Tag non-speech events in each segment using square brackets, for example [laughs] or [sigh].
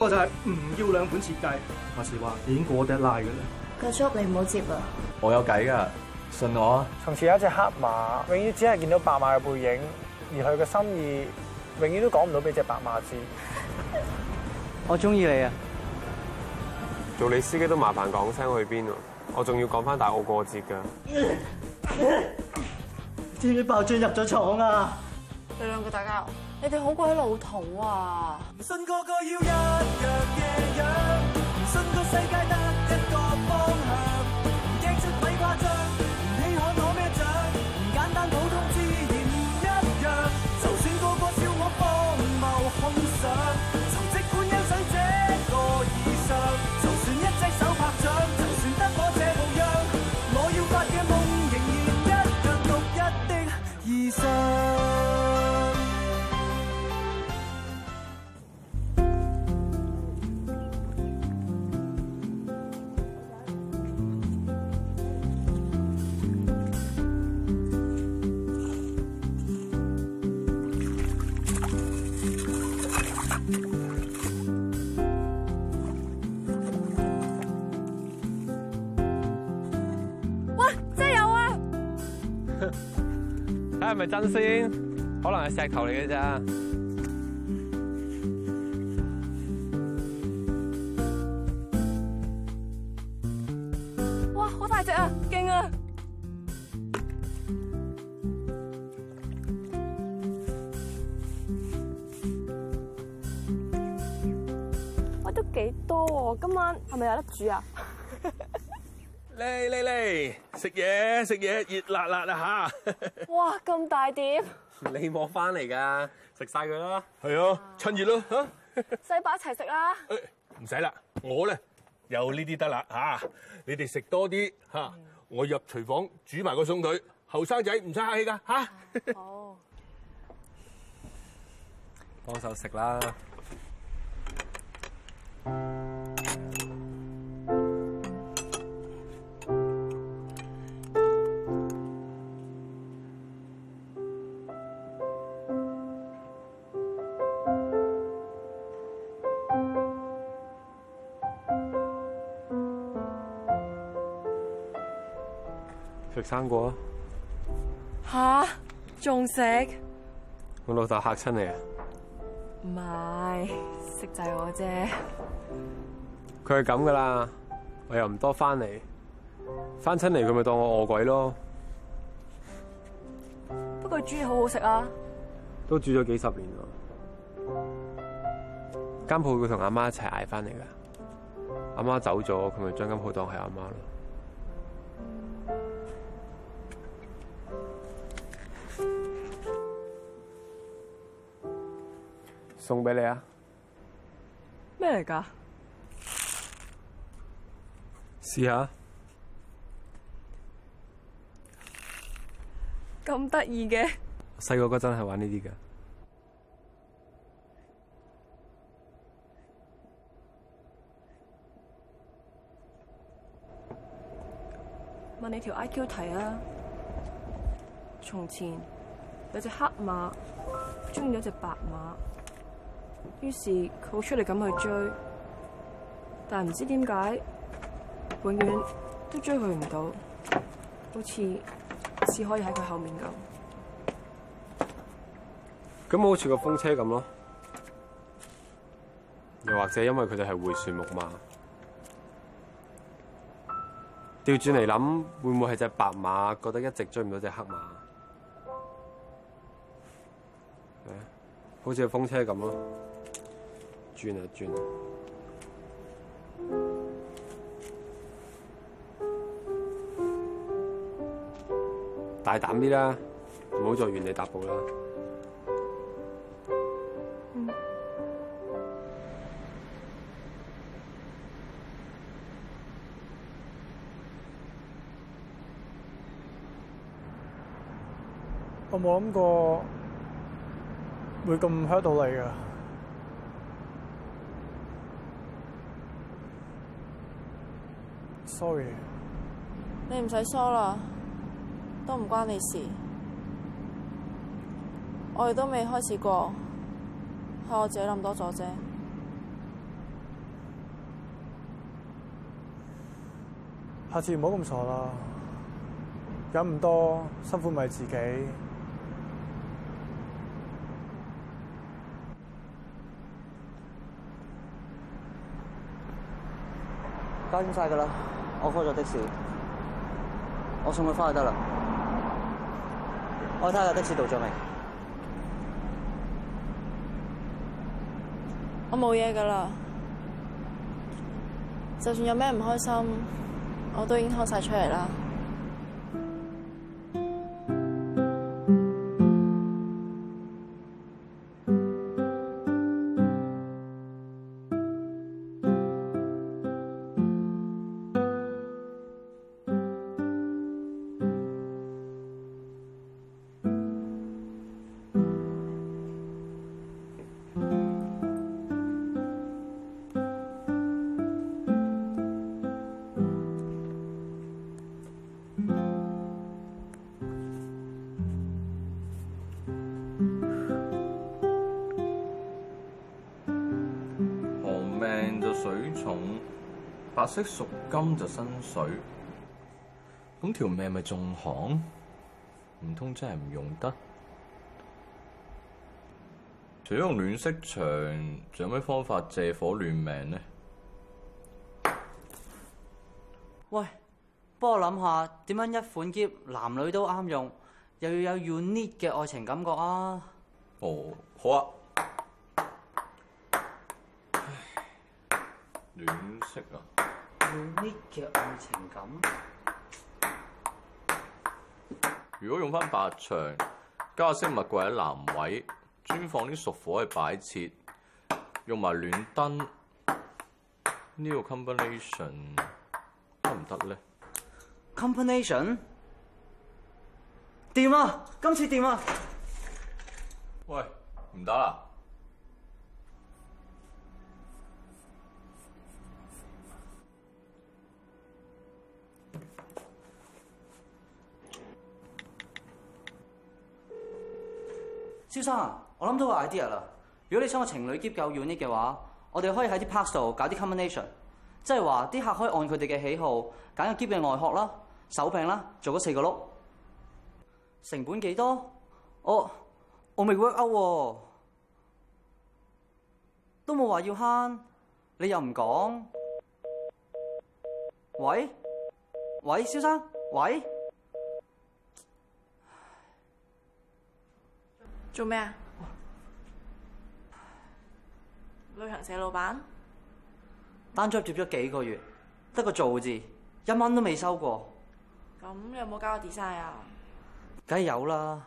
個就係唔要兩本設計，話時話已經過得拉噶啦，佢叔，你唔好接啦。我有計噶，信我。從前有一隻黑馬，永遠只係見到白馬嘅背影，而佢嘅心意，永遠都講唔到俾隻白馬知。 [laughs] 我中意你啊！做你司機都麻煩講聲去邊啊！我仲要講翻大澳過節噶。知唔知爆樽入咗廠啊？你兩個打交？你哋好鬼老土啊！唔信個個要一樣嘅樣，唔信個世界大。睇係咪真先？可能係石頭嚟嘅咋？哇，好大隻啊，驚啊！喂，都幾多啊！今晚係咪有得煮啊？嚟嚟嚟，食嘢食嘢，熱辣辣啊吓！哇，咁大碟！你冇翻嚟噶，食晒佢啦，係啊，啊，趁熱咯吓，細、啊、伯一齊食啦。唔使啦，我咧有呢啲得啦吓，你哋食多啲吓、啊嗯，我入廚房煮埋個餸佢，後生仔唔使客氣噶吓。好，幫手食啦。生果？吓，仲食？我老豆嚇親你啊？唔係，食滯我啫。佢係咁噶啦，我又唔多翻嚟，翻親嚟佢咪當我餓鬼咯。不過煮嘢好好食啊！都煮咗幾十年啦。間鋪佢同阿媽一齊捱翻嚟噶，阿媽走咗，佢咪將間鋪當係阿媽咯。送俾你啊！咩嚟噶？試下咁得意嘅。細個嗰陣係玩呢啲噶。問你條 IQ 題啊！從前有隻黑馬，中意咗隻白馬。於是佢好出力咁去追，但唔知點解，永遠都追佢唔到，好似似可以喺佢後面咁。咁好似個風車咁咯，又或者因為佢哋係回旋木馬，調轉嚟諗，會唔會係隻白馬覺得一直追唔到隻黑馬？好似個風車咁咯。轉啊，轉啊！大膽啲啦，唔好再原地踏步啦。嗯。我冇諗過會咁 hurt 到嚟噶。sorry，你唔使 sorry 啦，都唔關你事，我哋都未開始過，係我自己諗多咗啫。下次唔好咁傻啦，飲唔多，辛苦咪自己。交出晒噶啦。我開咗的士，我送佢翻去得啦。我睇下的士到咗未？我冇嘢㗎啦。就算有咩唔開心，我都已經吐晒出嚟啦。水重，白色屬金就生水，咁條命咪仲行？唔通真係唔用得？除咗用暖色牆，仲有咩方法借火暖命呢？喂，幫我諗下點樣一款喼，男女都啱用，又要有 unique 嘅愛情感覺啊！哦，好啊。暖色啊，有呢隻愛情感。如果用翻白牆，加個飾物櫃喺南位，專放啲屬火去擺設，用埋暖燈，呢個 combination 得唔得咧？Combination，掂啊！今次掂啊！喂，唔得啦！蕭生，我諗到個 idea 啦！如果你想個情侶喼夠 unique 嘅話，我哋可以喺啲 parcel 搞啲 combination，即係話啲客可以按佢哋嘅喜好揀個喼嘅外殼啦、手柄啦，做嗰四個碌。成本幾多？我我未 work out 喎，啊，都冇話要慳，你又唔講。喂喂，蕭生，喂！做咩啊？旅行社老闆，單 job 接咗幾個月，得個做字，一蚊都未收過。咁你有冇交過 design 啊？梗係有啦，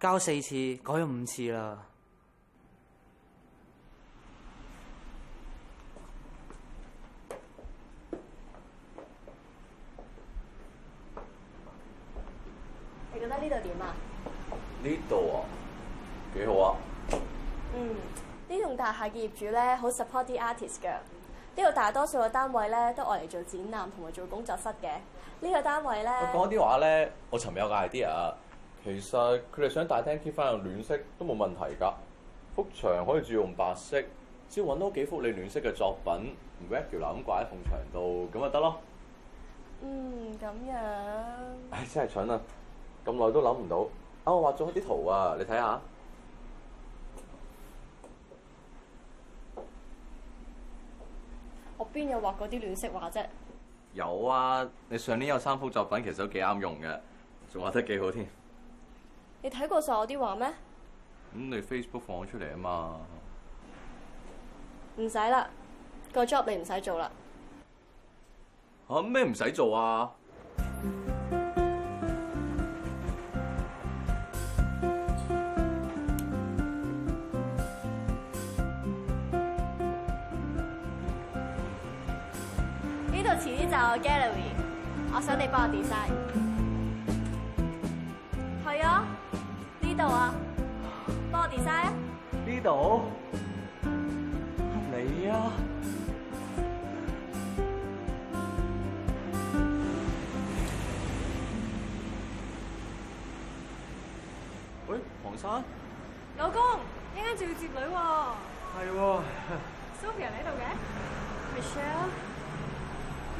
交四次，改咗五次啦。你覺得呢度點啊？呢度啊？大廈嘅業主咧好 support 啲 artist 嘅，呢度大多數嘅單位咧都愛嚟做展覽同埋做工作室嘅。呢、這個單位咧，我講啲話咧，我尋日有個 idea 啊。其實佢哋想大廳 keep 翻個暖色都冇問題㗎。幅牆可以住用白色，只要揾到幾幅你暖色嘅作品，唔 regular 咁掛喺埲牆度，咁咪得咯。嗯，咁樣。唉、哎，真係蠢啊！咁耐都諗唔到。啊、哦，我畫咗啲圖啊，你睇下。我邊有畫嗰啲暖色畫啫？有啊，你上年有三幅作品，其實都幾啱用嘅，仲畫得幾好添。你睇過晒我啲畫咩？咁你 Facebook 放咗出嚟啊嘛？唔使啦，個 job 你唔使做啦。吓？咩唔使做啊？Oh, gallery，我想你幫我 design。係 [music] 啊，呢度啊，幫我 design。呢度？你啊？喂，黃生。老公，一陣要接你喎。係喎、啊。Sophie 喺度嘅，Michelle。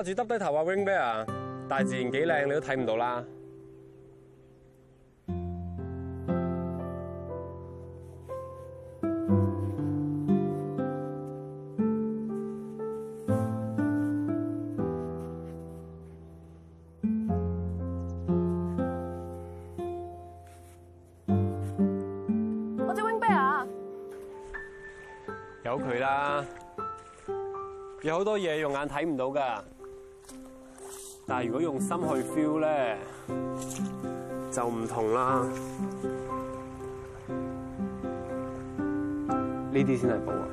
掛住耷低頭話，wing bear，大自然幾靚你都睇唔到啦。我隻 wing bear，有佢啦，有好多嘢用眼睇唔到㗎。但如果用心去 feel 呢就唔同啦。呢啲先係寶啊！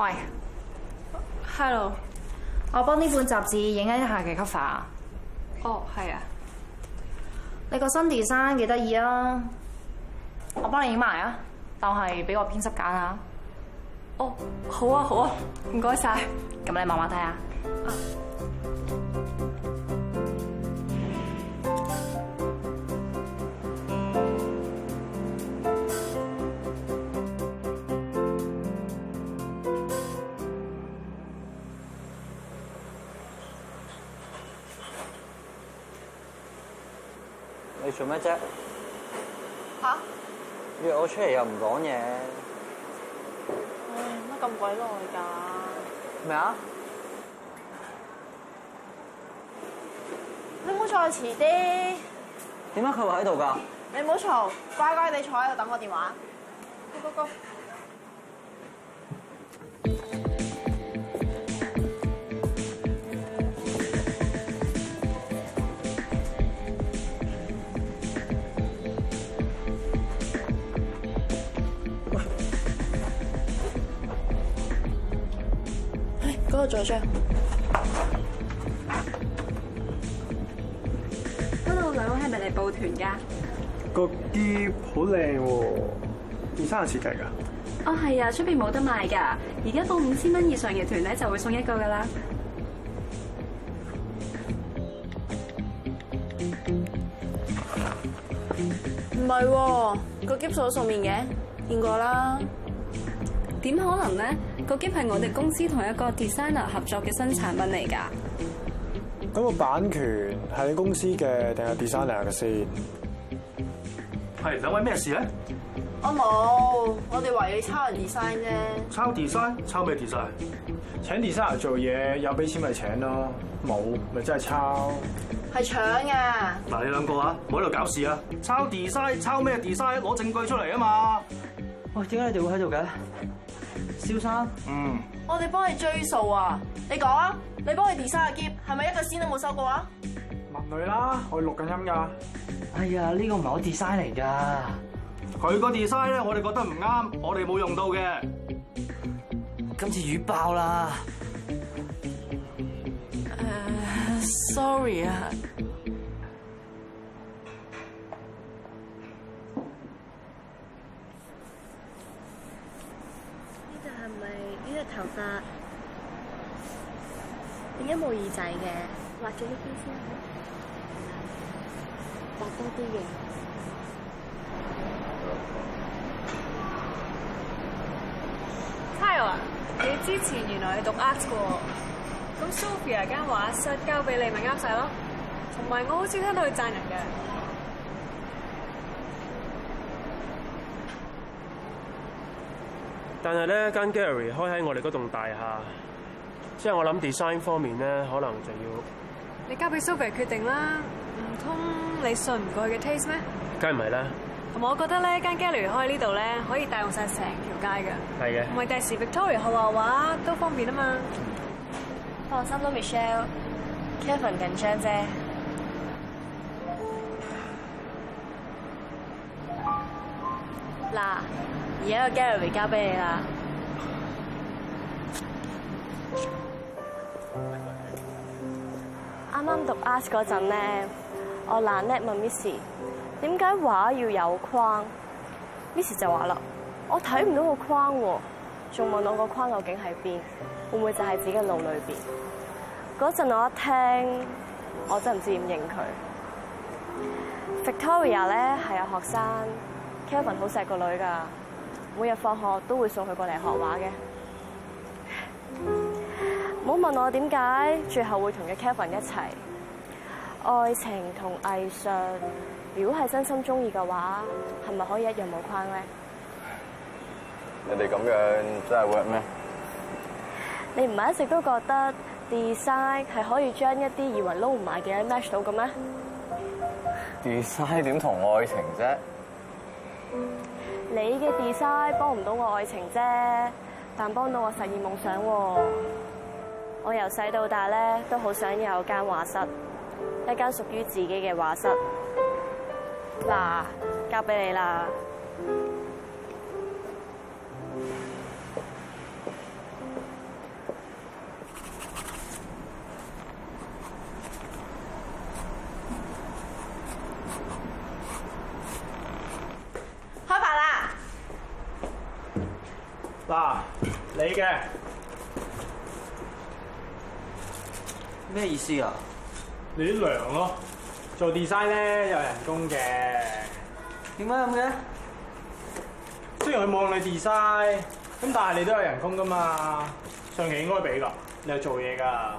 喂，Hello，我幫呢本雜誌影一下嘅 cover 啊。哦，係啊。你個 Sandy 衫幾得意啊，我幫你影埋啊，但係俾我編輯揀啊。哦，好啊好啊，唔該晒。咁你慢慢睇下。做咩啫？嚇、啊！約我出嚟又唔講嘢。唉，乜咁鬼耐㗎？咩啊？你唔好再遲啲。點解佢會喺度㗎？你唔好嘈，乖乖哋坐喺度等我電話。高高高多咗張。嗰兩位係咪嚟報團噶？個喼好靚喎，二三十設計噶。哦係啊，出邊冇得賣噶，而家報五千蚊以上嘅團咧就會送一個噶啦。唔係喎，個喼做咗面嘅，見過啦，點可能咧？個喼係我哋公司同一個 designer 合作嘅新產品嚟㗎。咁個版權係你公司嘅定係 designer 嘅先？係兩位咩事咧、哦？我冇，我哋話你抄人 design 啫。抄 design？抄咩 design？請 designer 做嘢有俾錢咪請咯，冇咪真係抄。係搶啊！嗱，你兩個啊，唔好喺度搞事啊！抄 design？抄咩 design？攞證據出嚟啊嘛！喂，點解你哋會喺度嘅？蕭生、啊，嗯，我哋幫你追數啊！你講啊，你幫佢 design 個喼係咪一個仙都冇收過啊？問女啦，我錄緊音噶。哎呀，呢、這個唔係我 design 嚟噶，佢個 design 咧，我哋覺得唔啱，我哋冇用到嘅。今次雨爆啦。誒、uh，sorry 啊。做啲咩啊？好多啲嘢。你之前原來係讀 art 嘅，咁 Sophia 間畫室交俾你咪啱曬咯。同埋我好似聽到佢贊人嘅，但係咧間 gallery 開喺我哋嗰棟大廈，即係我諗 design 方面咧，可能就要。你交俾 Sophie 決定不不啦，唔通你信唔過佢嘅 taste 咩？梗唔係啦，同埋我覺得咧，間 Gallery 開喺呢度咧，可以帶用晒成條街噶。係嘅，唔係第時 Victoria 學畫畫都方便啊嘛。放心啦，Michelle Kevin、Kevin 緊張啫，嗱，而家個 Gallery 交俾你啦。啱讀 ask 嗰陣咧，我懶叻問 Miss，點解畫要有框？Miss 就話啦，我睇唔到個框喎，仲問我個框究竟喺邊，會唔會就係自己嘅腦裏邊？嗰陣我一聽，我真唔知點認佢。Victoria 咧係有學生，Kevin 好錫個女噶，每日放學都會送佢過嚟學畫嘅。唔好問我點解最後會同個 Kevin 一齊。愛情同藝術，如果係真心中意嘅話，係咪可以一樣冇框咧？你哋咁樣真係 work 咩？你唔係一直都覺得 design 係可以將一啲以為撈唔埋嘅嘢 match 到嘅咩？design 點同愛情啫？你嘅 design 幫唔到我愛情啫，但幫到我實現夢想喎。我由細到大咧，都好想有間畫室，一間屬於自己嘅畫室。嗱，交俾你啦。開飯啦！嗱，你嘅。咩意思啊？你啲糧咯，做 design 咧有人工嘅。點解咁嘅？雖然佢望你 design，咁但係你都有人工噶嘛，上期應該俾噶，你係做嘢噶。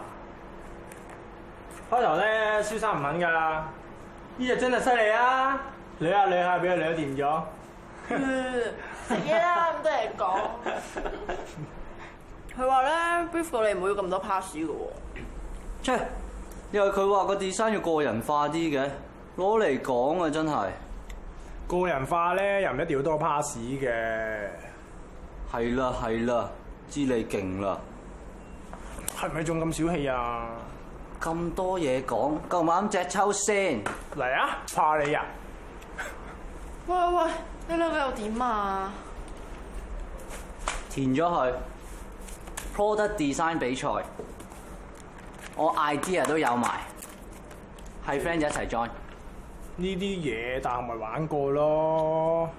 開頭咧蕭生唔肯噶，呢日真係犀利啊！捋下捋下俾佢捋掂咗。食嘢啦，咁 [laughs] 多人講。佢話咧，brief 到你唔會咁多 pass 嘅喎。因為佢話個 design 要個人化啲嘅，攞嚟講啊，真係個人化咧又唔一定要多 pass 嘅。係啦係啦，知你勁啦。係咪仲咁小氣啊？咁多嘢講，夠唔夠膽隻抽先？嚟啊！怕你啊！喂喂，你兩個又點啊？填咗去 product design 比賽。我 idea 都有埋，係 friend 一齊 join 呢啲嘢，但係咪玩過咯？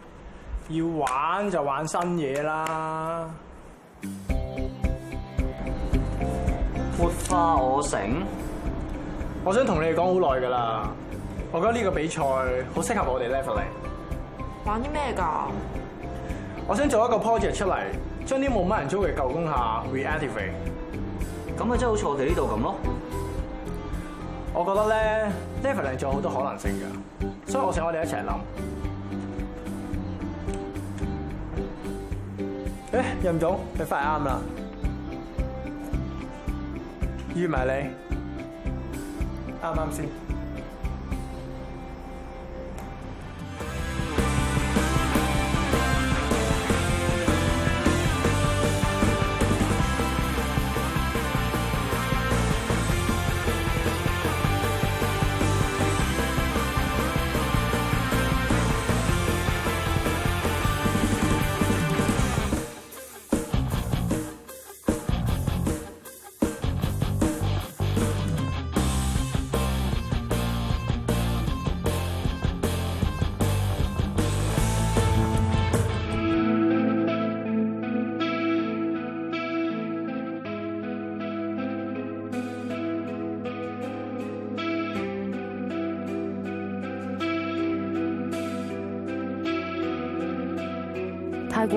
要玩就玩新嘢啦！活化我城，我想同你哋講好耐㗎啦。我覺得呢個比賽好適合我哋 level 嚟。玩啲咩㗎？我想做一個 project 出嚟，將啲冇乜人租嘅舊工廈 reactivate。咁佢真係好似我哋呢度咁咯。我覺得咧，Leveling 仲有好多可能性㗎。所以我想我哋一齊諗。誒，任總，你快啱啦，預埋你，啱啱先。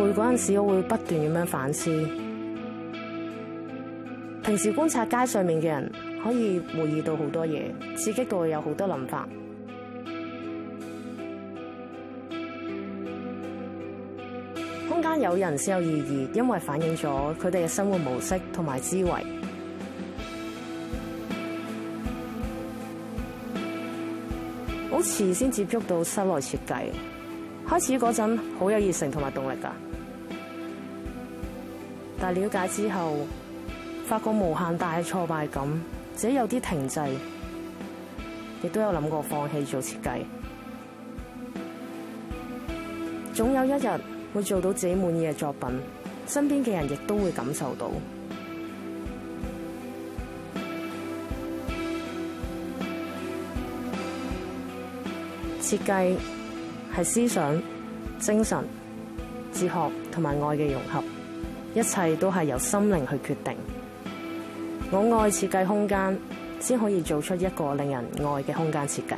會嗰陣時我會不斷咁樣反思，平時觀察街上面嘅人，可以回憶到好多嘢，刺激到佢有好多諗法。空間有人先有意義，因為反映咗佢哋嘅生活模式同埋思維。好遲先接觸到室內設計。開始嗰陣好有熱誠同埋動力噶，但了解之後，發覺無限大嘅挫敗感，自己有啲停滯，亦都有諗過放棄做設計。總有一日會做到自己滿意嘅作品，身邊嘅人亦都會感受到設計。設計係思想、精神、哲學同埋愛嘅融合，一切都係由心靈去決定。我愛設計空間，先可以做出一個令人愛嘅空間設計。